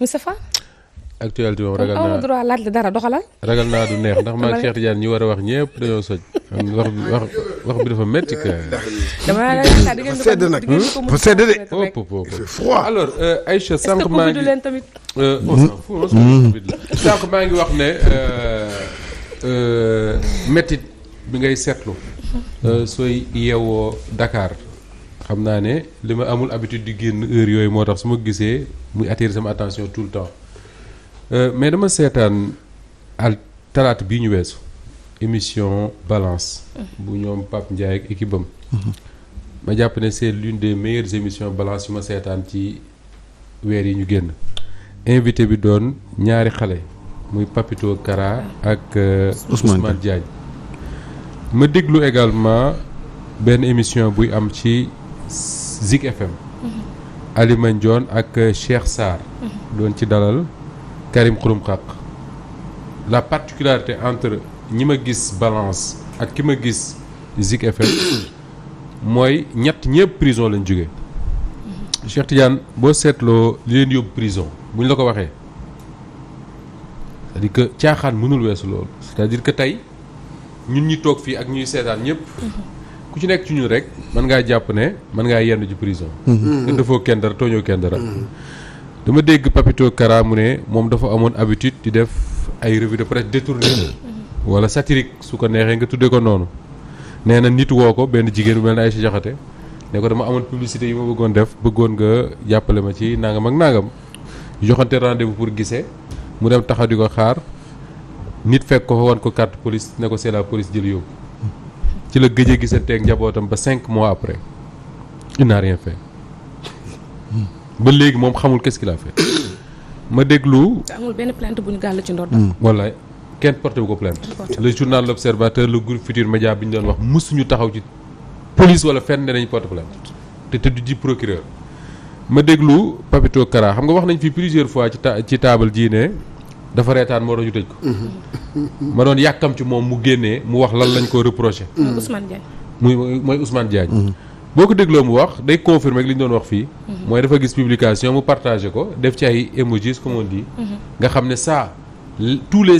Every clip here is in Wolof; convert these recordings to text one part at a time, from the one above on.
Moustapha actualité moom ragal naa droit dara doxalal. ragal naa du neex ndax maa Cheikh Tidiane ñi war a wax ñëpp dañoo soj. wax bi dafa métti que. damaa la gis di ngeen ko hmm? sedd nag bu sedd froid alors euh, Aïcha sànq maa ngi euh, maa ngi wax ne euh, méttit bi ngay seetlu. sooy yeewoo Dakar. xam naa ne li ma amul habitude di génn heure yooyu moo tax su ma gisee muy attirer sama attention tout le temps euh, mais dama seetaan al talaata bii ñu weesu émission balance bu ñoom Pape Ndiaye ak équipe mm-hmm. ma jàpp ne seet l'une des meilleures émission balance yu ma seetaan ci weer yi ñu génn invité bi doon ñaari xale muy Papito Kara ak euh, Ousmane Diagne ma déglu également benn émission buy am ci Zik FM. Ali Mandione ak Cheikh Sarr. doon ci dalal Karim Xurum Xaq la particularité entre ñi ma gis balance ak ki ma gis Zik FM mooy ñett ñëpp prison lañ jóge Cheikh Tidiane boo seetloo li leen yóbbu prison bu ñu la ko waxee cest que caaxaan mënul weesu loolu c'est-à-dire que tey ñun ñi toog fii ak ñuy seetaan ñëpp. ku ci nekk ci ñu rek mën ngaa jàpp ne mën ngaa yenn ci prison. Mhm. te defoo kenn dara tooñoo kenn dara. Mhm. dama dégg Papito Kara mu ne moom dafa amoon habitude di def ay revue de presse détourné mhm. wala satirique su ko neexee nga tuddee ko noonu. nee na nit woo ko benn jigéen bu mel ne Aïcha Jaxate ne ko dama amoon publicité yi ma bëggoon def bëggoon nga jàppale ma ci nangam ak nangam joxante rendez-vous pour gisee mu dem taxaw ko xaar nit fekk ko wan ko carte ne ko c'est la police jël yóbbu. ci la gi a gisanteeg njabootam ba cinq mois après il n'a ba léegi moom xamul kes ce qu'il a ma déglu. te amul benn plainte bu ñu gàll ci ndoddam. Hmm. wallaay kenn porté wu ko plainte. le journal l'observateur le groupe Futur Média bi ñu doon wax mësuñu taxaw ci police wala fenn de dañu porté plainte te tëdd ji procureur ma déglu Papito Kara xam nga wax nañ fi plusieurs fois ci ci taabal jii ne. dafa reetaan moo doon ñu tëj ko. ma noon yàkkam ci moom mu génnee mu wax lan lañ ko reproché. Mm. Mm. Ousmane Diagne. muy mooy Ousmane Diagne. boo ko dégloo mu wax day confirmer ak li ñu doon wax fii. Mm-hmm. mooy dafa gis publication mu partagé ko def ci ay emojis comme on mm-hmm. nga xam ne ça tous les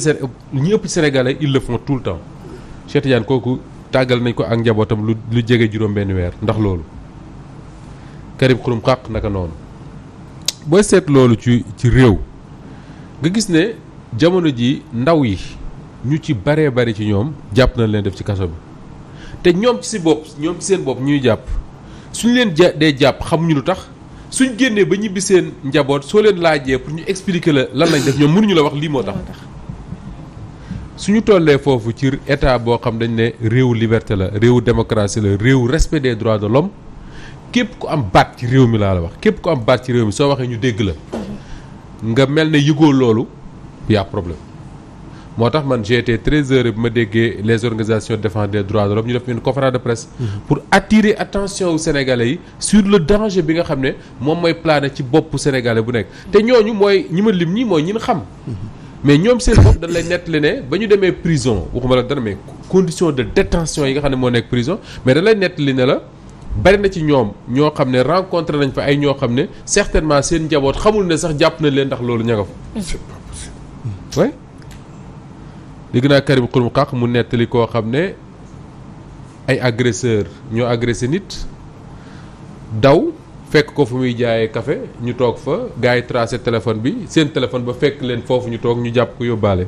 ñi ëpp Sénégalais ils le font tout le temps Cheikh Tidiane kooku tàggal nañ ko ak njabootam lu lu jege juróom-benn weer ndax loolu. Karim Xurum Xaq naka noonu booy seet loolu ci ci réew. nga gis ne jamono ji ndaw yi ñu ci baree bari ci ñoom jàpp nañ leen def ci kaso bi te ñoom ci si bopp ñoom seen bopp ñuy jàpp suñ leen ja dee jàpp xamuñu lu tax suñ génnee ba ñibbi seen njaboot soo leen laajee pour ñu expliquer la lan lañ def ñoom mënuñu la wax lii moo tax suñu tollee foofu ci état boo xam dañ ne réewu liberté la réew démocratie la réew respect de droits de l'homme képp ku am baat ci réew mi laa la wax képp ku am baat ci réew mi soo waxee ñu dégg la nga mel ne yëgoo loolu y'a problème moo tax man j'étais très heureux bi ma déggee les organisations de défense droits de l'homme ñu def une conférence de presse mm-hmm. pour attirer attention wu sénégalais yi sur le danger bi nga xam ne moom mooy plané ci bopp sénégalais bu nekk te ñooñu mooy ñi ma lim ñi mooy ñin xam mm-hmm. mais ñoom seen bopp dañ lay nettali ne ba ñu demee prison waxuma la dara mais condition de détention yi nga xam ne moo nekk prison mais dañ lay la bari na ci ñoom ñoo xam ne rencontré nañ fa ay ñoo xam ne certainement seen njaboot xamul ne sax jàpp na leen ndax loolu ña nga fa. c'est pas possible. oui dégg naa Karim Xrum Xax mu nettali koo xam ne ay agresseur ñoo agressé nit daw fekk ko fu muy jaayee kafe ñu toog fa gars yi tracé téléphone bi seen téléphone ba fekk leen foofu ñu toog ñu jàpp ko yóbbaale.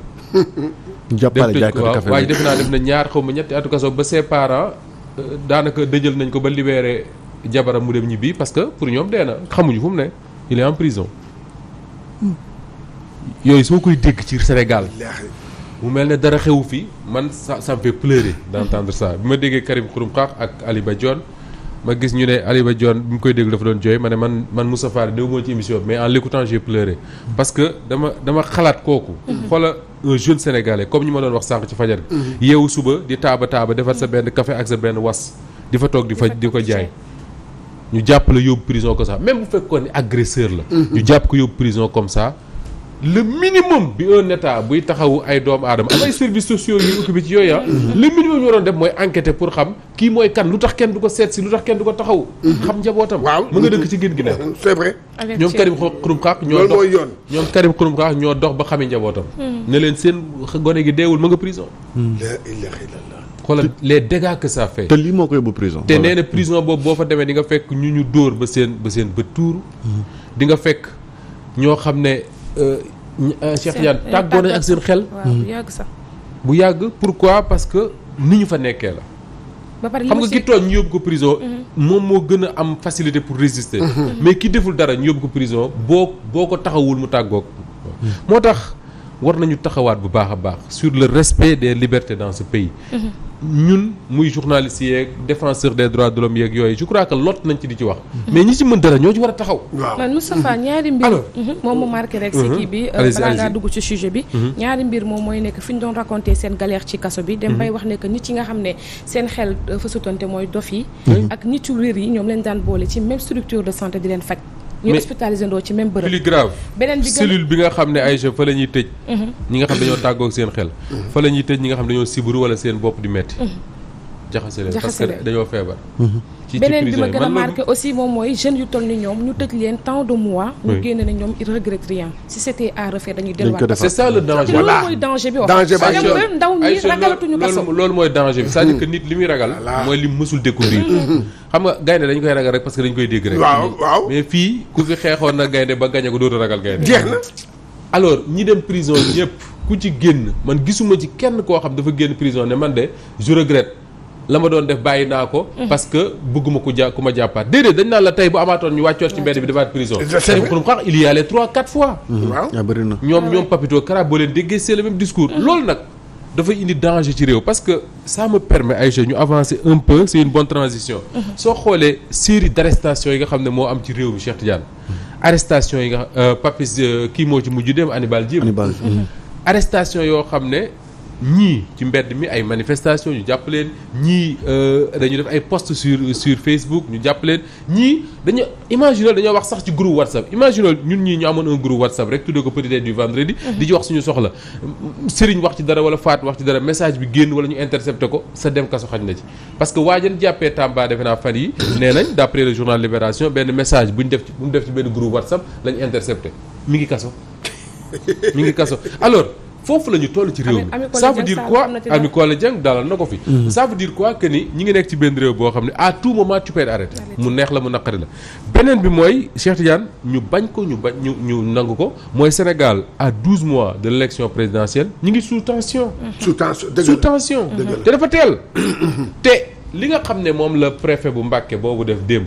ñu jàppale jaay ko café waaye def naa dem na ñaar xaw ma ñetti atu ba ses daanaka dëjël nañ ko ba libeere jabaram mu dem ñibbi parce que pour ñoom dee na xamuñu fu mu ne il est en prison yooyu soo koy dégg ci Sénégal mu mel ne dara xewu fii man ça ça me fait pleurer d'entendre ça bi ma déggee Karim Xurum Xaax ak Aliba Dione ma gis ñu ne Aliba Dione bi mu koy déglu dafa doon jooy ma ne man man Moussa Fall néew moo ci émission bi mais en l'écoutant j'ai pleuré parce que dama dama xalaat kooku mm-hmm. xoola un jeune sénégalais comme ñu ma doon wax sànq ci fajar gi mhm. yeewu suba di taaba taaba defar sa benn café ak sa benn was di fa toog di fa di ko jaay ñu jàpp la yóbbu prison comme ça même bu fekkoon ni agresseur la mhm. ñu jàpp ko yóbbu prison comme ça le minimum bi un état buy taxawu ay doomu aadama am ay services sociaux yuy occupé ci yooyu ah, le minimum ñu waroon def mooy enquêter pour xam kii mooy kan lu tax kenn du ko seet si lu tax kenn du ko taxaw xam njabootam waaw mu nga dëkk ci gën gi ne c'est vrai ñoom Karim Xurum Xax ñoo dox ñoom Karim Xurum ñoo dox ba xame njabootam hmm. ne leen seen gone gi deewul ma nga prison hmm. la ilaha illallah xoolal les dégâts que te lii moo ko yóbbu prison te nee na prison boobu boo fa demee di nga fekk ñu ñu dóor ba seen ba seen bët tuuru hmm. di nga fekk ñoo xam ne Euh, euh, Cheikh Yane tàggoo ak seen xel. bu hmm. yàgg sax. bu yàgg pourquoi parce que ni ñu fa nekkee la. ba pare xam nga ki tooñ ñu yóbbu ko prison. Mhm. moom moo gën a am facilité pour résister. Mhm. Mhm. mais ki deful dara ñu yóbbu ko prison boo boo ko taxawul mu tàggoog. moo tax war nañu taxawaat bu baax a baax sur le respect des libertés dans ce pays. ñun muy journaliste yeeg défenseur des droits de l'homme yeeg yooyu je crois que lot nañ ci di ci wax. mais ñi ci mën dara ñoo ci war a taxaw. waaw man Moustapha ñaari mbir. Mhm. moom mu marqué rek. si mhm. bi euh, balaa ngaa dugg ci sujet bi. Mhm. ñaari mbir moom mooy nekk fi ñu doon raconté seen galère ci kaso bi. dem bay wax ne que nit yi nga xam ne seen xel euh, fa sutante mooy dof yi. ak nitu yu réer yi ñoom leen daan boole ci même structure de santé di leen faj. ñu hospitalisé ndoo ci même bërëb. plus grave beneen bi cellule bi nga xam ne ay fa la tëj. Mhm. ñi nga xam dañoo tàggoog seen xel. Mhm. fa la tëj ñi nga xam dañoo siburu wala seen bopp di metti mhm. jaxase dañoo feebar. Mhm. ci beneen bi ma gën a marqué aussi moom mooy jeunes yu toll ni ñoom ñu tëj leen tant de mois. ñu génne ne ñoom ils regrettent rien si c' était à dañuy delluwaat. c' est ça loolu mooy danger bi wax. danger mm. nit li muy ragal. mooy li mësul découvrir. Mm-hmm. xam nga gaynde dañ koy ragal rek parce que dañ koy dégg rek. mais fii ku fi xeexoon na gaynde ba gañe ko dootu ragal gaynde. jeex ñi dem prison ñëpp ku ci génn man gisuma ci kenn koo xam dafa génn la ma doon def bàyyi naa ko. Mm-hmm. parce que bëgguma ku ja ku ma jàppaat déedéet dañ naa la tey bu amaatoon ñu wàccoot ci mbedd bi defaat prison. Serigne Xrum Xax il y trois quatre fois. Mm-hmm. waaw ah, bëri na ñoom ñoom ah Papito Kara boo leen déggee c'est discours. Mm-hmm. loolu nag dafay indi danger ci réew parce que ça me permet ay jeunes ñu avancer un peu c'est une soo xoolee série d'arrestation yi nga xam ne moo am ci réew mi Cheikh Tidiane. arrestation yi nga euh, Papis euh, kii moo ci mujj dem Hannibal Djim. Hannibal arrestation yoo xam ne. ñii ci mbedd mi ay manifestation ñu jàpp leen ñii euh, dañu def ay posts sur sur Facebook ñu jàpp leen ñii dañu imaginal dañoo wax sax ci groupe WhatsApp imaginal ñun ñii ñu amoon un group WhatsApp rek tuddee ko Petit Déj du vendredi. Mhm. di ci wax suñu soxla Serigne wax ci dara wala faat wax ci dara message bi génn wala ñu intercepté ko sa dem kaso xaj na ci. parce waa waajan jàppee Tamba defe naa fan yi nee nañ d' après journal Libération benn message bu ñu def ci bu ñu def ci benn groupe WhatsApp lañ intercepté mi ngi mi ngi kaso alors. foofu la ñu toll ci réew mi ça veut dire quoi Ami Collé Dieng dalal na ko fi mhm. ça veut dire quoi ni ñi ngi nekk ci benn réew boo xam ne à tout moment tu peux mu neex la mu naqari la beneen bi mooy Cheikh Tidiane ñu bañ ko ñu bañ ñu ñu nangu ko mooy Sénégal à douze mois de l'élection présidentielle ñu ngi sous tension mhm. sous tension sous tension te dafa teel te li nga xam ne moom la préfet bu Mbàkke boobu def démb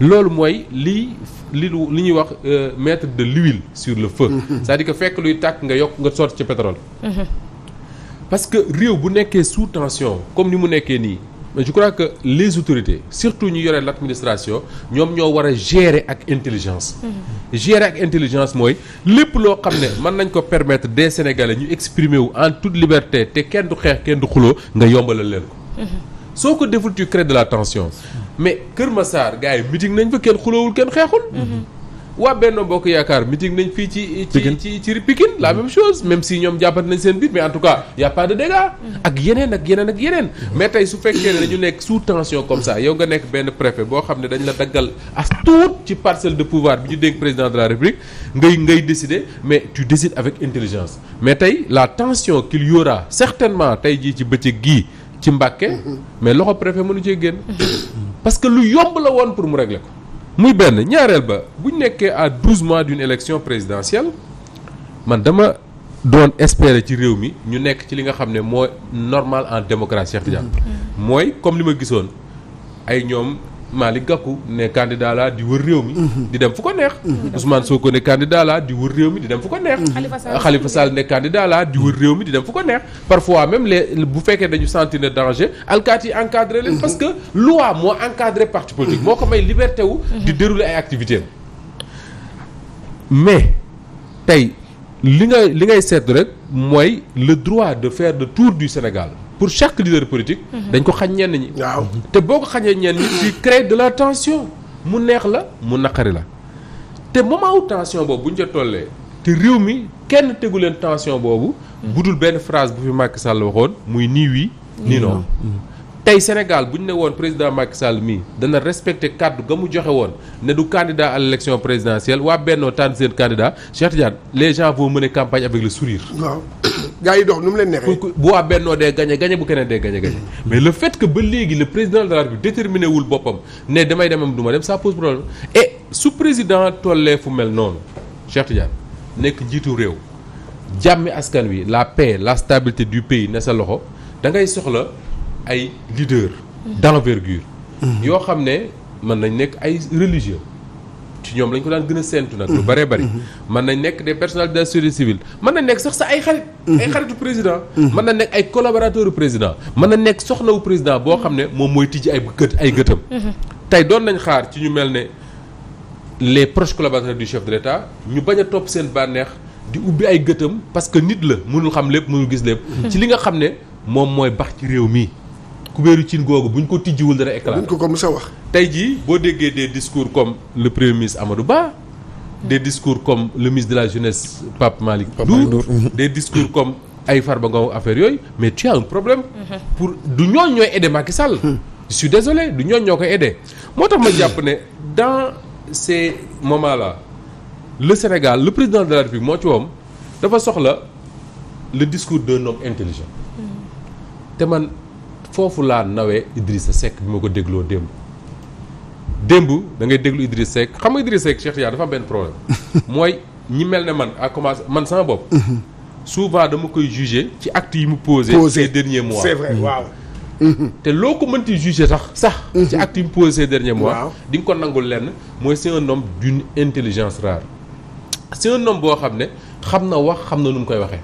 loolu mooy lii lii li li ñuy wax euh, mettre de l'huile sur le feu c'est-à-dire que fekk luy tàkk nga yokk nga sotti ci pétrole mhm. parce que réew bu nekkee sous tension comme ni mu nekkee nii mais je crois que les autorités surtout ñu yore l'administration ñoom ñoo war a gérer ak intelligence mhm. gérer ak intelligence mooy lépp loo xam ne mën nañ ko permettre des sénégalais ñu exprimer wu en toute liberté te kenn du xeex kenn du xuloo nga yombala leen ko mhm. soo ko deful tu crées de la tension mais Kër Massar gars yi meeting nañ fa kenn xulawul kenn xeexul. Mm-hmm. waa Benno Bokk Yaakaar meeting nañ fii ci ci ci ci Pikine la même chose même si ñoom jàppante nañ seen biir mais en tout cas y' a pas de dégâts. Mm-hmm. ak yeneen ak yeneen ak yeneen. mais tey su fekkee ne dañu nekk sous tension comme ça yow nga nekk benn préfet boo xam ne dañu la daggal as tuut ci parcelle de pouvoir bi ñu dénk président de la République ngay ngay décider mais tu décides avec mais tey la tension qu'il y aura certainement tey jii ci bëccëg gii. ci Mbàkke mais loxo préfet mënu cee génn parce que lu yomb la woon pour mu régler ko muy benn ñaareel ba bu ñu nekkee à douze mois d'une élection présidentielle man dama doon espérer ci réew mi ñu nekk ci li nga xam ne mooy normal en démocratie Cheikh Tidiane mm-hmm. mooy comme li ma gisoon ay ñoom Malick Gakou mhm. mhm. ne candidat la di wër réew mi. di dem fu ko neex. soo ko ne candidat la di wër réew mi di dem fu ko neex. Khalifa Sall ne candidat la di wër réew mi di dem fu ko neex. parfois même les bu fekkee dañu sentir ne danger alkaati yi leen. Mhm. parce que loi moo encadré parti politique. moo ko may liberté wu. di dérouler ay activités mais tey li nga li ngay seetlu rek mooy le droit de faire de tour du Sénégal. pour chaque leader politique. Mhm. dañ ko xañ ñenn ñi. waaw te boo ko xañee ñenn ñi di créer de la tension mu neex la mu naqari la te moment wu tension boobu bu ñu ca tollee te réew mi kenn tegu leen tension boobu. Mhm. bu dul benn phrase bu fi Macky Sall waxoon muy nii oui nii non. Mhm. tey Sénégal bu ñu ne woon président Macky Sall mii dana respecté kàddu ga mu joxe woon ne du candidat à l' élection présidentielle waa Bennoo tànn seen candidat Cheikh Tidiane les gens vont mener campagne avec le sourire. waaw gars yi nu mu leen neexee. bu waa Bennoo dee gagné gagné bu keneen dee gagné gagné. Mm-hmm. mais le fait que ba léegi le président de la République déterminé wul boppam ne damay demam duma dem sa pose problème et su président tollee fu mel noonu Cheikh Tidiane nekk njiitu réew. jàmmi askan wi la paix la stabilité du pays ne sa loxo da ngay soxla. ay leaders d'envergure yoo xam ne mën nañ nekk ay religieux ci ñoom lañ ko daan gën a séntu nag lu bëree bëri mën nañ nekk des personnels de la société civile mën na nekk sax sa ay xarit ay xaritu président mën na nekk ay collaborateur président mën na nekk soxnawu président boo xam ne moom mooy tijji ay gët ay gëtam tey doon nañ xaar ci ñu mel ne les proches collaborateurs du chef de l'État ñu bañ a topp seen bànneex di ubbi ay gëtam parce que nit la mënul xam lépp mënul gis lépp ci li nga xam ne moom mooy bax ci réew mi kubéeru cin googu bu ñu ko tijjiwul dana éclaté. buñ ko ko mës a wax. tey jii boo déggee des discours comme le premier ministre Amadou Ba. des discours comme le ministre de la jeunesse Pape Malick Ndour des discours comme ay Farba Ngom affaire yooyu mais tu as un problème. Mhm. pour du ñooñ ñooy aider Macky Sall. Mhm. je suis désolé du ñooñ ñoo koy aider moo tax ma jàpp ne dans ces moments là le Sénégal le président de la République moo ci wom dafa soxla le discours de homme intelligent mhm. foofu laa nawee sa Seck bi ma ko dégloo démb démb da ngay déglu Idrissa Seck xam nga Idrissa Seck Cheikh Tidiane dafa benn problème mooy ñi mel ne man à commencer man sama bopp mhm. souvent dama koy juger ci act yi mu posé ces dernier mois c'est vrai waaw mhm. Mhm. te loo ko mënti juger sax sax ci actes yi mu posé ces derniers mois di nga ko nangul lenn mooy c'est un homme d'une intelligence rare c'est boo xam ne xam na wax xam na nu mu koy waxee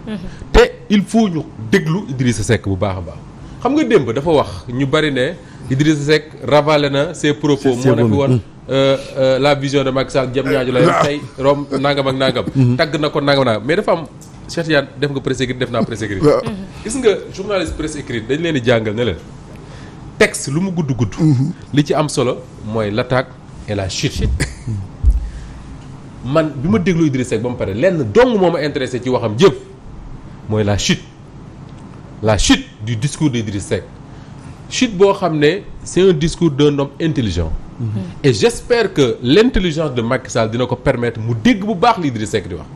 te il faut ñu déglu Idrissa Seck bu baax a baax xam nga démb dafa wax ñu bari ne Idrissa Seck rabale na ses propos moo ne fi woon mm. euh, euh, la vision de Macky Sall jëm ñaaju la yor ah. tey rom nangam ak nangam mm-hmm. Mm-hmm. tagg na ko nangam nangam mais dafa am Cheikh Tidiane def nga presse écrite def naa presse écrite ah. gis nga journaliste presse écrite dañ leen di jàngal ne leen texte lu mu gudd gudd mm-hmm. li ci am solo mooy l'attaque et la chute man bi ma déglu Idrissa Seck ba mu pare lenn dong moo ma intéressé ci waxam jëpp mooy la chute la chute du discours d'Idriss Seck chute boo xam ne c'est un discours d'un homme intelligent mm -hmm. et j'espère que l'intelligence de Macky Sall dina ko permettre mu dégg bu baax li Idriss Seck di wax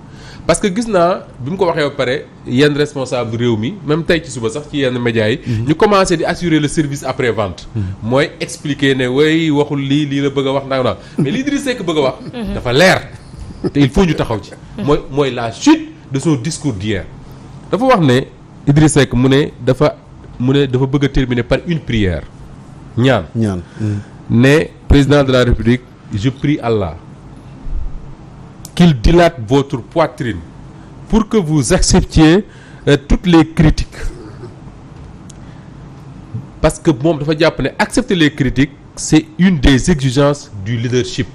parce que gis naa bi mu ko waxee ba pare yenn responsable réew mi même tey ci suba sax ci yenn médias yi. Mm-hmm. ñu commencé di assurer le service après vente. Mm-hmm. mooy expliquer ne way waxul lii lii la bëgg a wax ndax naa mm-hmm. mais li Idriss Seck bëgg a wax. dafa leer te il faut ñu taxaw ci. mooy mooy la chute de son discours d'hier dafa wax Idrissa Seck mu ne dafa mu ne dafa bëgg a terminer par une prière ñaan ñaan mm-hmm. ne président de la République je prie Allah qu'il dilate votre poitrine pour que vous acceptiez euh, toutes les critiques parce que moom dafa jàpp ne accepter les critiques c'est une des exigences du leadership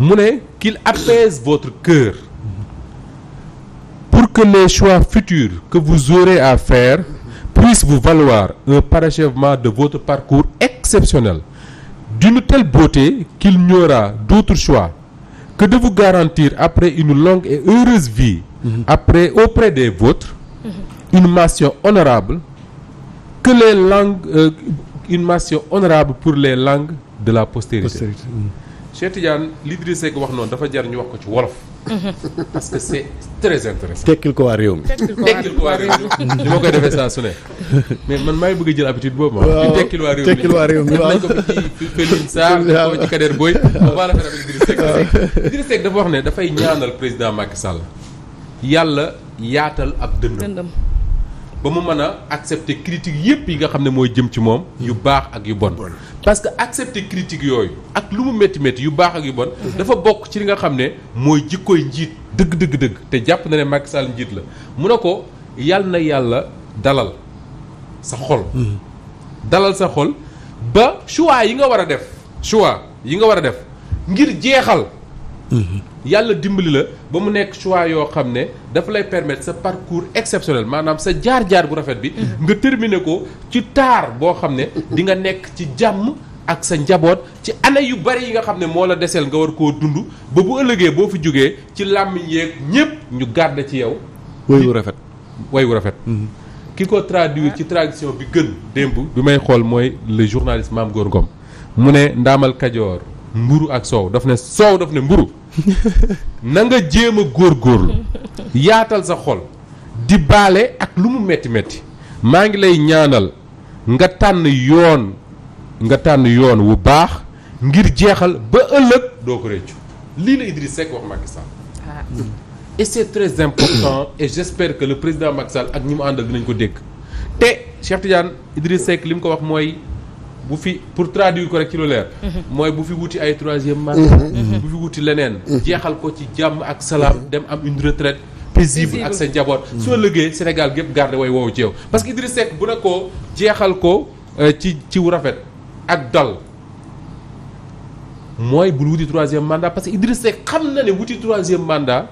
mu ne qu'il apaise votre cœur que les choix futurs que vous aurez à faire puissent vous valoir un parachèvement de votre parcours exceptionnel d'une telle beauté qu'il n'y aura d'autre choix que de vous garantir après une longue et heureuse vie mmh. après auprès des vôtres mmh. une mention honorable que les langues euh, une mention honorable pour les langues de la postérité, postérité. Mhm. Cheikh Tidiane li Idriss Seck wax noonu dafa jar ñu wax ko ci wolof. parce c'est très intéressant. tekkil ko waa réew mi. tekkil ko ma koy defee saa su ne. mais man maa bëgg a jël habitude boobu ma. Ah. waaw tekkil waa réew mi tekkil waa réew mi waaw. nañ ko ci Felin waaw ak Idriss Seck. waaw Idriss ne dafay ñaanal président Macky Sall. yàlla yaatal ab dëndam. ba mu mën a accepter critique yépp yi nga xam ne mooy jëm ci moom yu baax ak yu bon parce que accepter critique yooyu ak lu mu métti métti yu baax ak yu bon mm-hmm. dafa bokk ci li nga xam ne mooy jikkooy njiit dëgg dëgg dëgg te jàpp na ne Macky Sall njiit la mu ne ko yàlla na yàlla dalal sa xol mm-hmm. dalal sa xol ba choix yi nga war a def choix yi nga war a def ngir jeexal yàlla dimbali la ba mu nekk choix yoo xam ne dafa lay permettre sa parcours exceptionnel maanaam sa jaar-jaar bu rafet bi. Mm-hmm. nga terminer ko ci taar boo xam ne mm-hmm. di nga nekk ci jàmm. ak sa njaboot ci ana yu bari yi nga xam ne moo la deseel nga war koo dund ba bu ëllëgee boo fi jógee ci làmmiñ yeeg ñépp ñu garde ci yow. wayu rafet wayu rafet. Mm-hmm. ki ko traduire ci traduction bi gën démb. bi may xool mooy le journaliste Mame Gor Ngom mu ne Ndaamal Kajoor. mburu ak soow daf ne soow daf ne mburu na nga jéem a góorgóorlu yaatal sa xol di baale ak lu mu métti metti maa ngi lay ñaanal nga tànn yoon nga tànn yoon wu baax ngir jeexal ba ëllëg doo ko réccu lii la Idriss Seck wax Macky Sall ah. et c'est très important et j'espère que le président Macky Sall ak ñi mu àndal dinañ ko dégg te Cheikh Tidiane Idriss Seck li mu ko wax mooy bu fi pour traduire ko rek ci lu leer. Mhm. mooy bu fi wuti ay troisième mandat. Mhm. Mhm. bu fi wuti leneen. jeexal ko ci jàmm ak salaam dem am une retraite paisible ak sa njaboot. soo liggéey Sénégal gépp garder wooy wow ci yow parce que Idriss Seck bu ne ko jeexal ko euh, ci ci rafet ak dal. mooy bul wuti troisième mandat parce que Idriss Seck xam na ne wuti troisième mandat.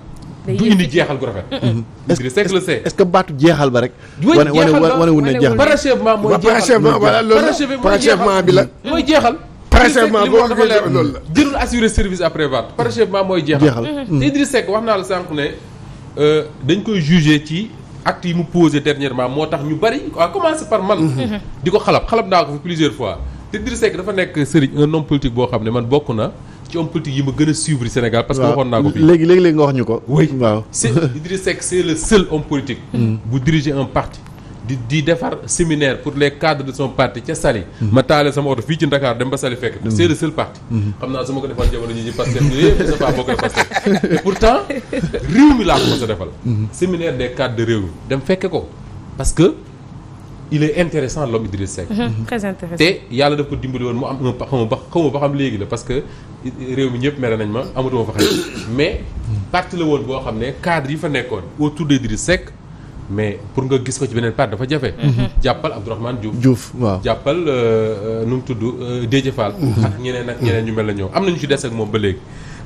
du indi jeexal gu rafet. Mm-hmm. Mm-hmm. est ce que baatu jeexal ba rek. wane wane wane wu ne jeexal parachèvement mm-hmm. mooy jeexal bi la mooy jeexal. parachèvement boo xam ne loolu la jërul assurer service après-vente parachèvement mooy jeexal. te Idriss Seck wax naa la sànq ne euh, dañ koy juger ci acte yi mu posé dernièrement moo tax ñu bari à commencer par man. di ko xalab xalab naa ko fi plusieurs fois te Idriss Seck dafa nekk sëriñ un homme politique boo xam ne man bokk na. ci homme politique yi ma gën a suivre Sénégal parce que waxoon naa ko fii léegi léegi nga wax ñu ko oui waaw c'est Idriss Seck c'est le seul homme politique mm. bu diriger un parti di di defar séminaire pour les cadres de son parti ca Saly mm. ma taale sama oto fii ci Dakar dem ba Saly fekk mm. c'est le seul parti xam naa su ma ko defal jamono ñi ñi Pastef ñu pourtant réew mi laa ko sa defal séminaire des cadres de réew mi dem fekke ko parce il est intéressant l'homme Idriss Seck. Mhm, mhm. très intéressant te yàlla daf ko dimbali woon mu am un xaw ma xaw ma ba xam léegi la parce réew mi ñëpp mere nañ ma amatuma fa xel mhm. mais parti la woon boo xam ne cadre yi fa nekkoon autour de Idriss Seck mais pour nga gis ko ci beneen part dafa jafe. jàppal Abdourahmane Diouf. juuf waaw jàppal euh, euh, nu mu tudd euh, Déthié Fall. ñeneen ak ñeneen ñu mel na ñoom am nañu ci des ak moom ba léegi.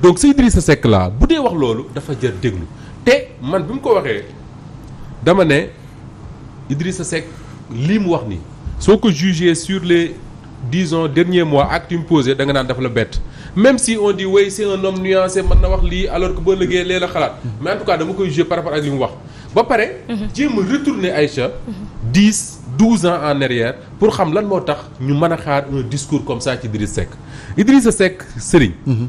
donc si Idrissa Seck laa bu dee wax loolu dafa jar déglu te man bi mu ko waxee dama ne Idrissa Seck lii mu wax ni soo ko jugé sur les disons derniers mois acte yu mu da nga naan dafa la bett même si on dit oui c'est un homme nuancé mën na wax lii alors que boo liggéey lee la xalaat mais en tout cas dama koy jugé par ak li mu wax ba pare mhm. jéem a retourner Aïcha dix douze ans en arrière pour xam lan moo tax ñu mën a xaar un discours comme ça ci Idrissa Seck Idrissa Seck Serigne mhm.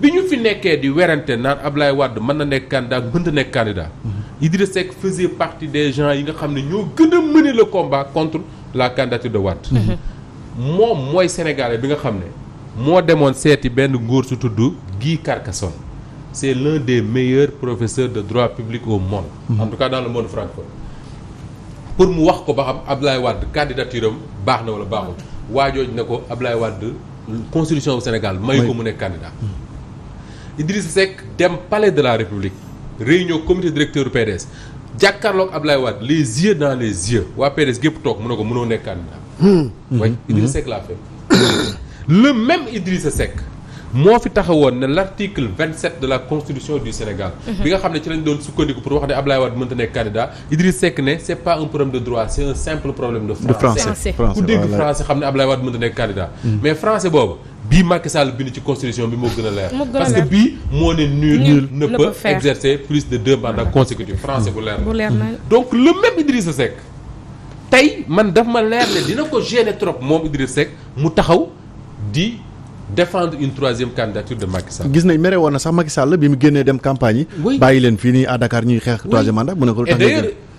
bi ñu fi nekkee di werante naan Ablaye Wade mën na nekk candidat ak mënta nekk candidat Idrissa Seck faisait partie des gens yi nga xam ne ñoo gën a mener la combat contre la candidature de Wade mhm. moom mooy sénégalais bi nga xam ne moo demoon seeti benn nguur su tudd Guy Carcassonne c'est l'un des meilleurs professeur de droit public au monde mhm. en tout cas monde francophone pour mu wax ko ba xam ab Wade candidature am baax na wala baaxul waajooj ne ko Ablaye Wade constitution Sénégal mayu ko mu nekk candidat mhm. Idrissa Seck dem palais de la République réunion comité directeur PDS jàkkaarloog Ablaye Wade les yeux dans les yeux waa PDS gépp toog mu ne ko mënoo nekk candidat. Hmm. waaye hmm. Idrissa Seck l'a fait. le même Idrissa Seck moo fi taxawoon ne l' vingt sept de la constitution du Sénégal. Mhm. bi nga xam ne ci lañ doon sukkandiku pour wax ne Ablaye Wade mënta nekk candidat Idriss Seck ne c' est pas un problème de droit c' un simple problème de. français xam ne Ablaye Wade mënta nekk candidat. Hmm. mais français boobu. bii Macky bi bind ci constitution bi moo gën a leer. parce que bii moo ne nul. nul ne peut plus de deux ak consécutifs français bu leer bu leer donc le même Idrissa Seck tey man daf ma leer ne dina ko gêner trop moom Idrissa Seck mu taxaw di. défendre une troisième candidature de Macky Sall. gis nañ mere woon na sax Macky Sall bi mu génnee dem campagne yi. bàyyi leen fii nii à Dakar ñuy xeex troisième mandat mu ne ko. et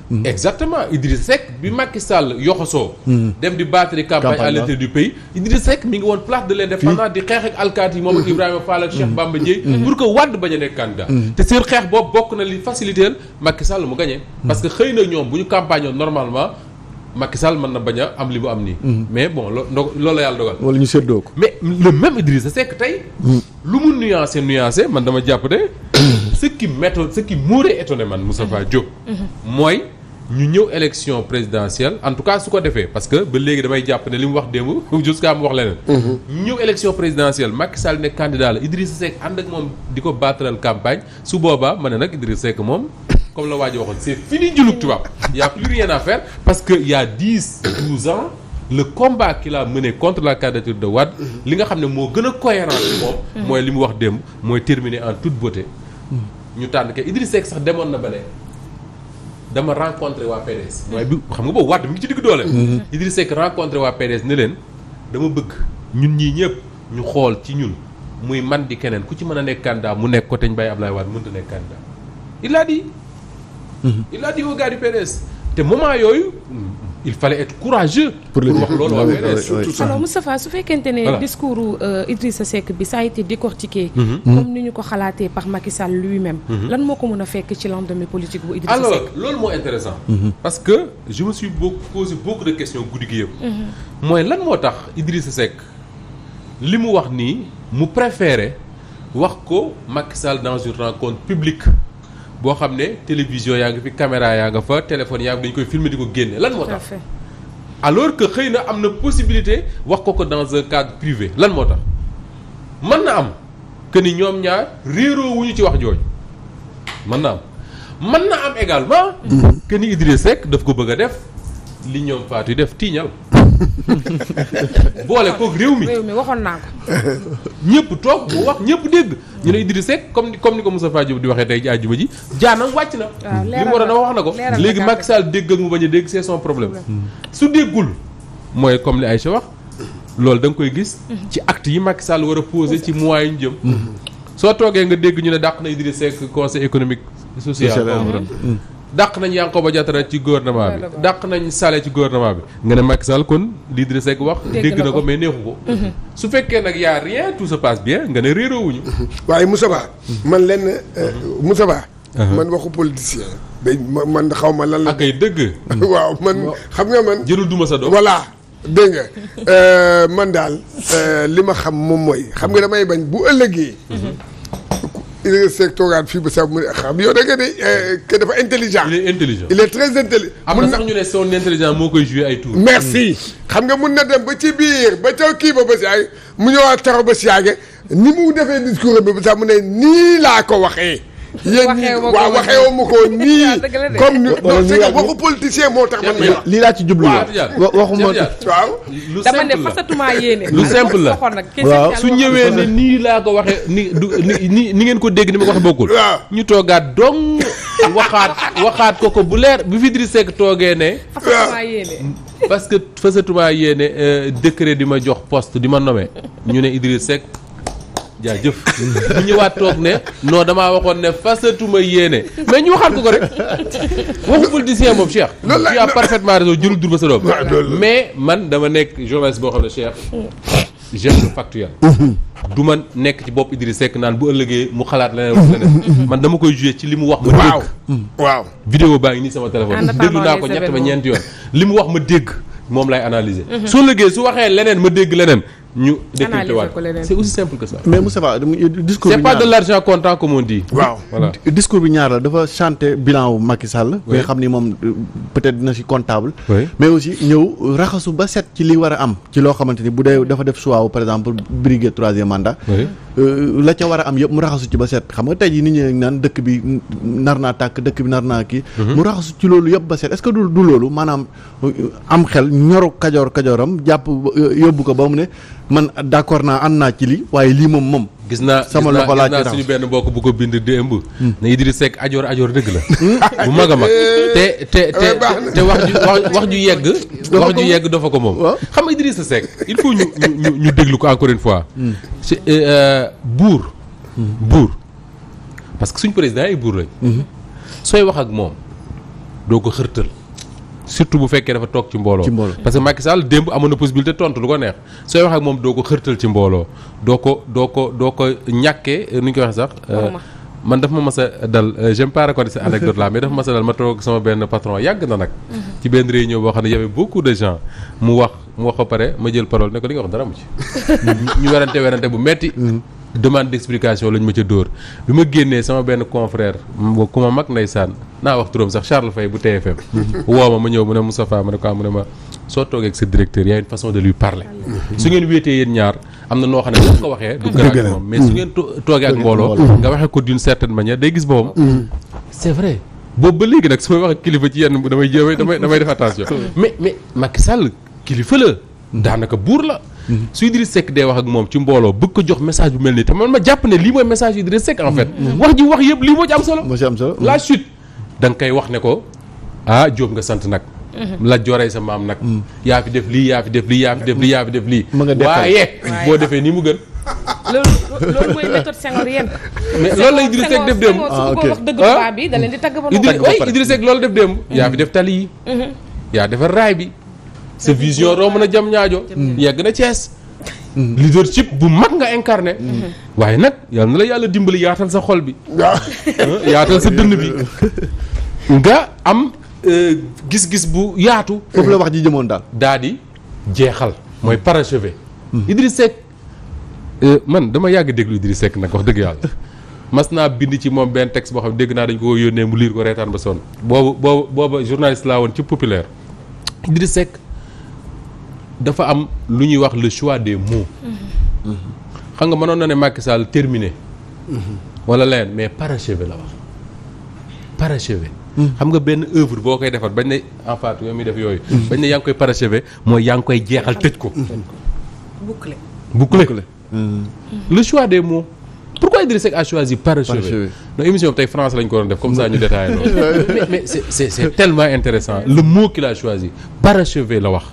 Mm-hmm. exactement Idriss Seck bi Macky Sall yoxosoo mm-hmm. dem di battre campagne à du pays Idriss Seck mi ngi woon place de l'indépendance di xeex ak alkaati yi moom ak mm-hmm. Ibrahima ak Cheikh Bamba Dièye pour que Wade bañ a nekk candidat te seen xeex boobu bokk na li faciliter Macky Sall mu gagné parce que xëy na ñoom bu ñu campagne normalement Macky Sall mën na bañ a am li mu am nii mais bon loo loolu la yàlla dogal wala ñu séddoo ko mais le même Idrissa Seck tey lu mu nuancé nuancé man dama jàpp de ce qui m'étonne ce qui m'aurait ñu ñëw élection présidentielle en tout cas su ko defee parce que ba léegi damay jàpp ne li mu wax démb jusqu'à mu wax leneen. ñu mhm. ñëw élection présidentielle Macky Sall nekk candidat la Idrissa Seck ànd ak moom di ko baataral campagne su boobaa ma ne nag Idrissa Seck moom comme la waa ji waxoon c'est fini njulug tubaab y a plus parce que il y a dix douze ans. le combat qu'il a mené contre la candidature de Wade mhm. li nga xam ne moo gën a cohérent ci moom mhm. mooy li mu wax démb mooy terminer en toute beauté ñu tànn kay Idriss Seck sax demoon na ba ne dama rencontré waa PDS. waaye bi xam nga boobu Wade mu ngi ci digg doole. Mm-hmm. Idriss Seck rencontré waa PDS ne leen dama bëgg ñun ñii ñëpp ñu xool ci ñun muy man di keneen ku ci mën a nekk candidat mu nekk ko te ñu bàyyi Ablaye Wade mënut a nekk candidat il a dit. Mm-hmm. il a dit aux gars te moment yooyu il fallait être courageux. pour le wax loolu waaw surtout su fekkente ne discours euh, Idrissa Seck bi ça a mhm. Mhm. ñu ko xalaatee par Macky Sall lui-même. Mhm. lan moo ko mën a fekk ci lendemain politique bu Idrissa Seck. alors parce que je me suis beaucoup posé beaucoup de questions mooy lan moo tax Idrissa Seck li mu wax nii mu préféré wax ko Macky Sall dans une rencontre publique. boo xam ne télévision yaa ngi fi caméra yaa nga fa téléphone yaa ngi dañu koy filmer di ko génne lan moo tax alors que xëy na am na possibilité wax ko ko dans un cadre privé lan moo tax mën na am que ni ñoom ñaar réeroo wuñu ci wax jooju mën na am mën na am également mm-hmm. que ni Idriss Seck daf ko bëgg a def li ñoom faatu def tiiñal boole kook réew mi réew waxoon naa ko. ñëpp toog mu wax ñëpp dégg. ñu ne Idrissa Seck comme ni comme ni ko Moustapha Diop di waxee tey ci àjjuma ji jaanam wàcc na. li mu war na wax na ko léegi Macky Sall dégg ak mu bañ a dégg c'est son problème. su déggul mooy comme li si wax loolu da nga koy gis. ci act yi Macky Sall war a posé ci mois yu ñu jëm. Mm-hmm. soo toogee nga dégg ñu ne dàq na di Seck conseil économique social. Mm-hmm. dàq nañ Yankhoba Diattara ci gouvernement bi dàq nañ Sall ci gouvernement bi nga ne Macky saal kon li Idrissa Seck wax dégg na ko mais neexu ko mhm. su fekkee nag y'a rien tout se passe bien nga ne réeroowuñu mhm. waaye Moussa Ba man lenn euh, Moussa Ba uh-huh. man waxu politicien day man xaw ma lan la ak dëgg waaw man xam nga man jëlul duma sa doom voilà dégg nga euh, man daal euh, li ma xam moom mooy xam nga damay bañ bu ëllëg yi mhm. Idriss Seck toogaat fii ba sax mu ne xam yow da nga ni euh, que dafa intelligent. il est intelligent intelligent. am na sax ñu ne son intelligent moo koy joué ay tour merci mm. xam nga mun na dem ba ci biir ba ca kii ba ba ay mu ñëwaat taxaw ba si yaage ni mu defee discours bi ba sax mu ne nii laa ko waxee. yéen ñi waaw ko nii comme ni tax lii laa ci jublu waxuma waaw lu dama ne fasatuma yéene lu simple la waaw su ñëwee ne nii laa ko waxee ni ni ni ngeen ko dégg ni ma ko waxee bokkul ñu toogaat dong waxaat waxaat ko ko bu leer bu fi Idrissa Seck toogee ne fasatuma parce que fasatuma yéene euh, décret di ma jox post di ma nommé ñu ne Idrissa Seck jaajëf bu ñëwaat toog ne noo damaa waxoon ne fasatuma yéene mais ñu waxaat ko ko rek waxu politicien moom Cheikh. loolu la tu as parfaitement raison jërul dur ba sa doom. mais man dama nekk journaliste boo xam ne Cheikh. j'aime le du ma nekk ci bopp Idriss sekk naan bu ëllëgee mu xalaat leneen wax man dama koy joué ci li mu wax. ma dégg waaw vidéo baa ngi nii sama téléphone. déglu naa ko ñett ba ñeent yoon. li mu wax ma dégg moom lay analyser. Mhm. soo lëgee su waxee leneen ma dégg leneen. ñu décrypté waat c'est aussi mais Moussa Ba euh, discours bi ñaar c'est pas de l'argent comptant bi ñaar la dafa chanter bilan u Macky Sall. bi nga xam ni moom euh, peut-être dina ci comptable. mais aussi ñëw raxasu ba set ci li war a am. ci loo xamante ni bu dee dafa def choix par exemple briguer troisième mandat. Euh, la ca war a am yëpp mu raxasu ci ba set xam nga tey jii nit ñi naan dëkk bi nar naa tàkk dëkk bi nar naa kii mhm. mu raxasu ci loolu yëpp ba set est du loolu maanaam euh, am xel ñoru kajoor kajooram jàpp euh, yóbbu ko ba mu ne man d'accord naa ànd naa ci li waaye lii moom moom gis naa sama loxo laa gis naa suñu benn mbokk bu ko bind démb. Hmm. ne Idriss Seck ajoor ajoor dëgg la. Hmm? bu mag eh. te te eh, te wax ju wax ju yegg. wax ju yegg dafa ko moom. xam nga Idriss Seck il faut ñu ñu ñu déglu ko encore une fois. ci hmm. euh, euh, buur. buur parce que suñu président ay buur lañ. sooy wax ak moom doo ko xërtal. surtout bu fekkee dafa toog ci mbooloo parce que Macky Sall démb amoon na possibilité tontu lu ko neex sooy wax ak moom doo ko xërtal ci mbooloo doo ko doo ko doo ko ñàkkee euh, nu ñu koy waxee sax euh, man daf ma mas a dal euh, j'aime pas raconter cette anecdote là mais daf ma mas a dal ma toog sama benn patron yàgg na nag mhm. ci benn réunion boo xam ne y boo beaucoup de mu wax mu wax ba pare ma jël parole ne ko li nga wax dara mu ci ñu werante werante bu metti mhm. demande d'explication lañ ma ca dóor bi ma génnee sama benn confrère ku ma mag saan naa wax turam sax Charles Faye bu TFM mhm. woo ma ma ñëw mu ne Moustapha ma ko mu ne ma soo toogee ak sa directeur y de lui parler mhm. su ngeen wéetee yéen ñaar am na noo xam ne waxee du gën ak moom mais su ngeen mbooloo mhm. nga waxee ko d'une certaine manière day gis boppam c'est vrai boobu ba léegi nag su may wax ak kilifa ci yenn damay jéem damay damay def attention mais mais ki Sall kilifa la daanaka buur la su Idriss de wax ak moom ci mbooloo bëgg ko jox message bu mel nii te man ma jàpp ne lii mooy message Idriss Seck en fait wax ji wax yëpp lii moo ci am solo moo am solo la suite da nga koy wax ne ko ah Diop nga sant nag la joree sa maam nag yaa fi def lii yaa fi def lii yaa fi def lii yaa fi def lii waaye defee nii mu gën loolu loolu mooy méthode Senghor mais loolu la Idriss Seck def démb ah ok wax dëgg tubaab bi da leen di tagg ba. def démb. yaa fi def tali yi. yaa defar raay bi. sa vision romb na jam ñaajo mm-hmm. yegg na Thiès mm-hmm. leadership bu mag nga incarné mm-hmm. waaye nag yal na la yàlla dimbali yaatal sa xol bi ah, yaatal sa dënn bi nga am euh, gis-gis bu yaatu foofu la wax ji jëmoon daal daadi jeexal mooy parachever Idriss Seck euh, man dama yàgg déglu Idriss sekk nag wax dëgg yàlla mas naa bind ci moom benn texte boo xam dégg naa dañ ko yónnee mu liir ko reetaan ba sonn boobu boobu booba journaliste laa woon ci populaire Idriss Seck dafa am lu ñuy wax le choix des mots. xam nga mënoon na ne Macky Sall terminé. wala leen mais parachevé la wax parachevé. xam nga benn œuvre boo koy defar bañ ne en fait yooyu muy def yooyu. bañ ne yaa ngi koy parachevé mooy yaa ngi koy jeexal tëj ko. bouclé bouclé. Hmm. le choix des mots. pourquoi Idriss Seck a choisi parachevé non émission bi tey France lañ ko doon def comme ça ñu détaillé loolu. mais mais c'est c'est tellement intéressant le mot qu'il a choisi parachevé la wax.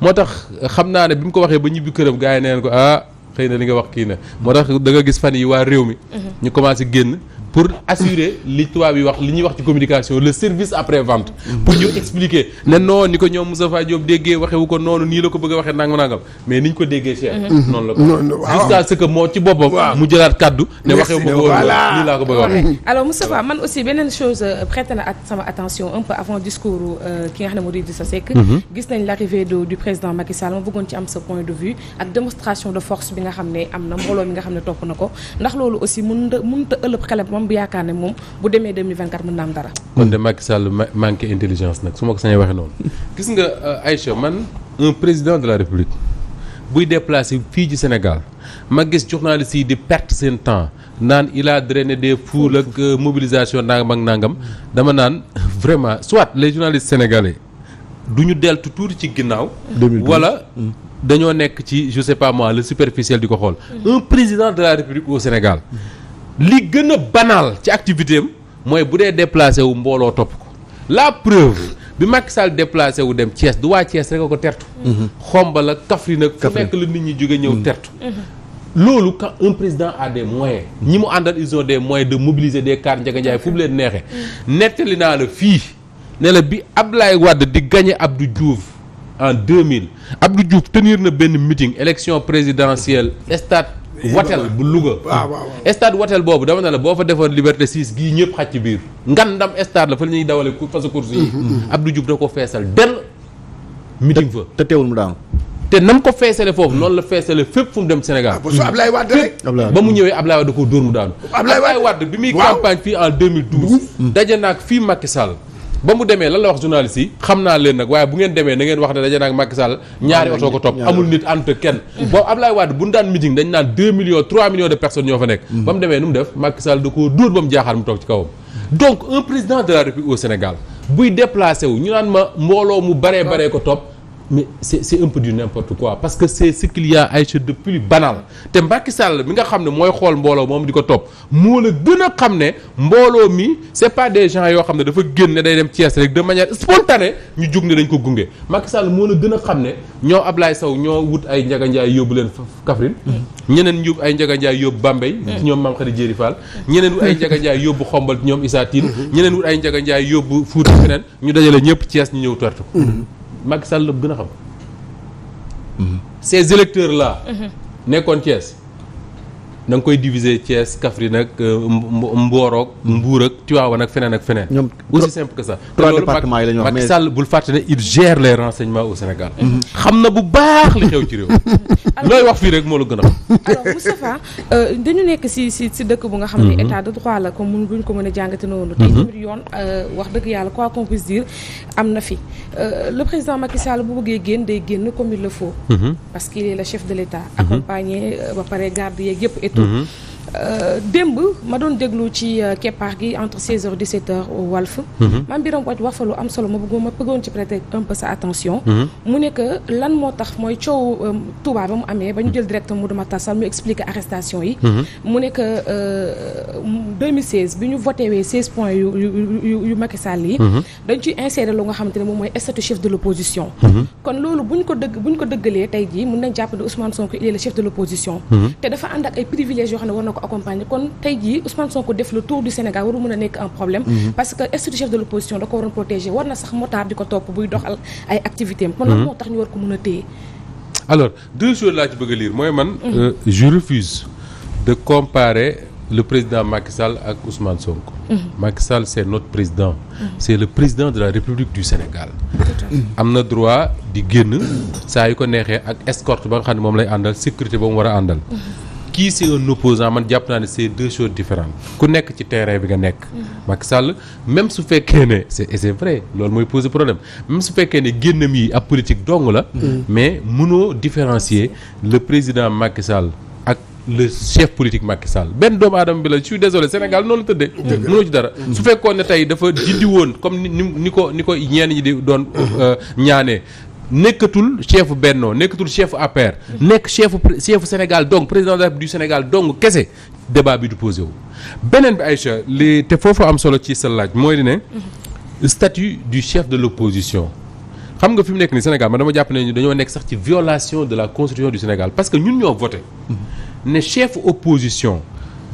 moo tax xam naa ne bi mu ko waxee ba ñibbi këram gars yi neen ko ah xëy na li nga wax kii ne moo tax da nga gis fan yi waa réew mi mhm. ñu commencé génn pour assurer li tubaab yi wax li ñuy wax ci communication le service après vente. pour ñu expliquer ne non ni ko ñoom Moustapha Diop déggee waxewu ko noonu nii la ko bëgg a waxee nangam nangam mais niñ ko déggee cher. Mhm. noonu la ko jusqu'à ce que ci boppam. mu jëlaat kaddu ne waxewu ko woon nii laa ko bëgg a waxee. alors Moustapha man aussi beneen chose euh, prête na ak sama attention un avant discours euh, ki nga xam ne moo di Idrissa Seck. Mhm. gis nañ l'arrivée du de vue ak a bu yaakaar ne moom bu demee 2024 mën na am dara. kon de Macky Sall manqué intelligence nag su ma ko sañee waxee noonu. gis nga euh, Aïcha man un président de la République buy déplacé fii ci Sénégal ma gis journaliste yi di perte seen temps naan il a drainé des foules ak euh, mobilisation nangam ak nangam dama naan vraiment soit les journalistes sénégalais duñu ñu deltu tuuti ci ginnaaw. wala. Mm. dañoo nekk ci je sais pas moi le superficiel di ko xool. Mm. un président de la République au Sénégal. Mm. li gën a banal ci activité am mooy bu dee déplacé wu mbooloo topp ko la preuve bi Macky Sall déplacé wu dem Thiès du waa Thiès rek a ko tertu. xombal ak Kaffrine ak fu nekk la nit ñi jóge ñëw mm-hmm. tertu. Mm-hmm. loolu ka un président a des ñi mu àndal ils ont des moyens de mobiliser des cars Ndiaga Ndiaye fu mu leen neexee. Mm-hmm. nettali naa la fii ne la bi Abdoulaye Wade di gagné Abdou Diouf en 2000 Abdou Diouf tenir na benn meeting élection présidentielle stade. watel bu Louga. waaw waaw stade watel boobu dama ne la boo fa defoon Liberté 6 gii ñëpp xaj biir. ngandam stade la fa la ñuy dawale fasu course yi. Mm-hmm, mm-hmm. Abdou jub da ko feesal dell. meeting fa te teewul mu daanu. te nam ko feesale foofu noonu la feesale fépp fu mu dem Sénégal. ba su lay Wade rek ba mu ñëwee Ablaye Wade da ko dóor mu daanu. Ablaye Wade bi muy campagne fii en 2012. Mm-hmm. daje naag fii Macky Sall. ba mu demee lan la wax journaliste yi xam naa leen nag waaye bu ngeen demee na ngeen wax ne daje naag Macky Sall ñaari oto ko topp amul nit ant kenn mm-hmm. boobu Ablaye Wade bu ñu daan meeting dañ naan 2 millions 3 millions de personnes ñoo fa nekk mm-hmm. ba mu demee nu mu def Macky Sall da koo dóor ba mu jaaxaar mu toog ci kawam donc un président de la République au Sénégal buy déplacé ñu naan ma mbooloo mu baree baree ko topp mais c'est c'est un peu du n'importe quoi parce que c'est ce qu'il ay a de plus banal te Macky Sall mi nga xam ne mooy xool mbooloo moom di ko topp moo la gën a xam ne mbooloo mi c'est pas des gens yoo xam ne dafa génn ne day dem Thiès rek de manière spontanée ñu jug ne dañ ko gunge Macky Sall moo la gën a xam ne ñoo Ablaye Sow ñoo wut ay njaganjaay yóbbu leen Kaffrine ñeneen ñu ay njaganjaay yóbbu Bambey ci ñoom Mame Khady Diéry ñeneen wut ay njaganjaay yóbbu Xombal ci ñoom Issa Tine ñeneen wut ay njaganjaay yóbbu Fouta feneen ñu dajale ñëpp Thiès ñëw tortu Macky Sall la gën a xam. ces électeurs là. Mm-hmm. nekkoon Thiès da nga koy diviser Thiès Kaffrine ak euh, Mboroog mm. Mbour ak Tivaouane ak feneen ak feneen. ñoom aussi simple que ça. trois départements yi la ñu wax mais Macky Sall bul fàtte ne il gère les renseignements au Sénégal. Mm-hmm. xam na bu baax li xew ci réew. looy wax fii rek moo la gën a xam. alors Moustapha euh, dañu nekk si si si dëkk bu nga xam ne mm-hmm. état de droit la comme buñ ko mën a jàngate noonu. tey tamit mm-hmm. yoon euh, wax dëgg yàlla quoi qu'on puisse dire am na fi le président Macky Sall bu bëggee génn day génn comme il le faut. parce qu'il est le chef de l'État. accompagné ba pare garde yeeg yëpp surtout. Mhm. Euh, démb ma doon déglu ci euh, keppaar gi entre 16h 17h Walf. Mhm. maam Birame Wathie wax fa lu am solo ma bëggoon ma bëggoon ci prêter un peu sa attention. Mhm. mu ne que lan moo tax mooy coow euh, Touba ba mu amee ba ñu jël directeur Modou Matar Sall mu expliquer arestation yi. Mhm. mu ne que 2016 bi ñu voté wee 16 points yu yu yu yu Macky yi. dañ ci insérer lu nga xamante ne moom mooy statut chef de l' opposition. kon loolu bu ñu ko dëgg bu ñu ko dëggalee tey jii mun nañ jàpp ne Ousmane Sonko il est le l' opposition. ko accompagner kon tey jii Ousmane ko def le tour du Sénégal waru mën a nekk un problème mhm. parce que est que chef de l'opposition da ko waroon protéger war na sax motard di ko topp buy doxal ay activité kon lan mhm. moo tax ñu war ko mën a téye alors deux choses laa ci bëgg mooy man mhm. euh, je refuse de comparer le président Macky Sall ak Ousmane Sonko. Macky Sall c'est not président. c'est le président de la République du Sénégal. am na droit di génn saa yu ko neexee ak escorte ba xam ne moom lay àndal sécurité ba war a àndal. kii c'est un opposant man jàpp naa ne c'est deux choses différentes ku nekk ci terrain bi nga nekk. Macky Sall même su fekkee ne c'est c'est vrai loolu mooy poser problème même su fekkee ne génnam yi ab politique dong la. mais mënoo différencier le président Macky Sall ak le chef politique Macky Sall benn doomu aadama bi la je suis Sénégal noonu la tëddee. mënoo ci dara su fekkoon ne tey dafa jiddi woon comme ni ni ko ni ko ñenn ñi di doon euh, ñaanee. nekkatul chefu Benno nekkatul chefu APR nekk chefu chefu Sénégal donc président de la du Sénégal donc kese débat bi du posé wu. beneen bi ay Aïcha li te foofu am solo ci sa laaj mooy di ne statut du chef de l'opposition xam nga fi mu nekk ni Sénégal ma dama jàpp ne dañoo nekk sax ci violation de la constitution du Sénégal parce que ñun ñoo vote mm-hmm. ne chef opposition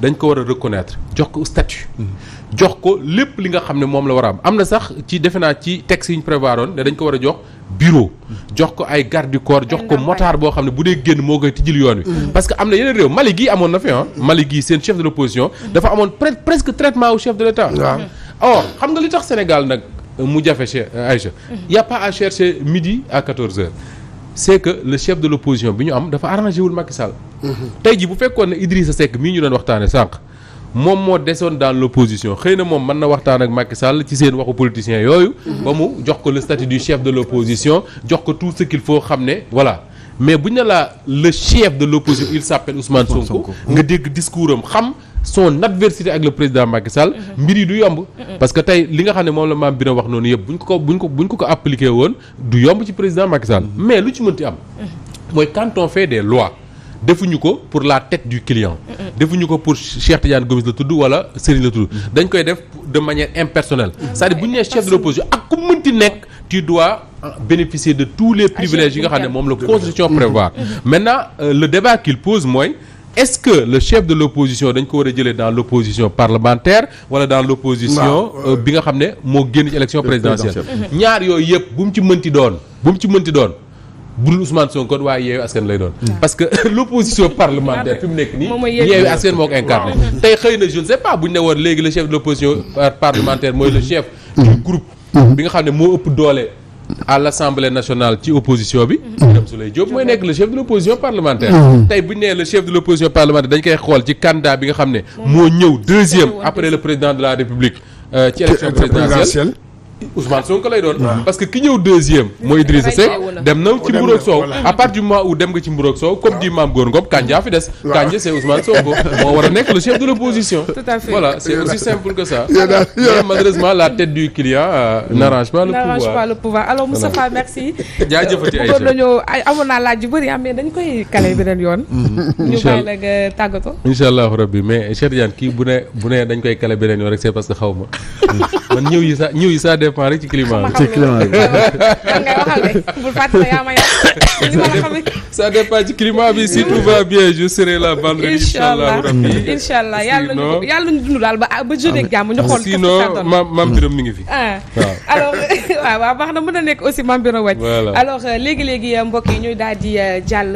dañ ko war a reconnaître jox ko statut. Mm-hmm. jox ko lépp li nga xam ne moom la war a am am na sax ci defe naa ci texte si ñu prévoir oon ne dañ ko war a jox bureau jox ko ay garde du jox ko motard boo xam ne bu dee génn moo koy tijjil yoon wi mm. parce que am na yeneen réew Mali gii amoon na fi mm. Mali gii seen chef de l'opposition dafa amoon presque traitement au chef de l'État mm. or xam nga li tax Sénégal nag euh, mu jafe che euh, Aïcha y a chercher midi à 14 heures c'est que le chef de l'opposition bi ñu am dafa arrangé wul Macky Sall mm-hmm. ji bu fekkoon ne Idrissa Seck mii ñu doon waxtaane sànq moom moo desoon dans l'opposition xëy na moom mën na waxtaan ak Macky ci seen waxu politiciens yooyu. ba mu jox ko le statut du chef de l'opposition jox ko tout ce qu'il faut xam ne voilà. mais bu ñu ne la le chef de l'opposition il s'appelle Ousmane Sonko nga dégg discours am xam son adversité ak le président Macky Sall mhm. mbir yi du yomb mhm. Mhm. parce que tey li nga xam ne moom la maam Birame wax noonu yëpp bu ko ko buñ ko buñ ko ko appliqué woon du yomb ci président Macky mais lu ci mënti am mooy quand on fait des defuñu ko pour la tête du client. defuñu ko pour Cheikh Tidiane Gomis la tudd wala Serigne la tudd. dañ koy def de manière impersonnelle. c'est-à-dire bu ñu nee chef de l'opposition ak ku mënti nekk tii dois bénéficier de tous les privilèges yi nga xam ne moom la constitution prévoir. maintenant euh, le débat qu'il pose mooy. est-ce que le chef de l'opposition dañ ko war a jëlee dans l'opposition parlementaire wala dans l'opposition euh, euh, bi nga xam ne moo génn ci élection présidentielle ñaar yooyu yëpp bu mu ci mënti doon bu mu ci mënti doon bu dul Ousmane Sonko waaye yeewu askan lay doon. Mm. parce que l' opposition parlementaire fi mu nekk nii. moom yeewu moo ko incarné. tey xëy na je ne pas bu ñu ne woon léegi le chef de l' parlementaire mooy le chef. Mm. du groupe. Mm. bi nga xam ne moo ëpp doole. à l' assemblée nationale ci opposition bi. Birame Souleye Diop mooy nekk le chef de l' parlementaire. tey bu ñu nee le chef de l' parlementaire dañ koy xool ci candidat bi nga xam ne. moo ñëw deuxième après le président de la république. Euh, Ousmane Sonko lay doon. parce que ki ñëw deuxième. mooy Idrissa Seck dem na ci mburoog soow à du moment où dem nga ci mburoog soow comme di maam góor ngob Kanja fi des. waaw Kanja c'est Ousmane Sonko moo war a nekk le chef de l'opposition. tout à fait voilà c'est aussi la tête du client euh, mm. n'arrange pas le pouvoir alors Moustapha merci. jaajëfati Aïcha bëggoon nañoo ay amoon naa laaj yu bëri ah dañ koy kale mm. beneen yoon. Mm. ñu la nga tàggatoo. mais Cheikh kii bu ne bu ne dañ koy kale man ñëw yi sa ñëw yi sa def dépend rek ci climat bi. ci climat bi. ngay si tout va bien je serai là vendredi. incha allah incha yàlla ñu yàlla ñu ba ba jeudi ak ñu xool. sinon maam maam hmm. Birame mi ngi fi. Eh. waaw alors waaw waaw baax na mën na nekk aussi maam Birame wàcc. voilà alors euh, léegi léegi euh, mbokk yi ñuy daal euh, jàll.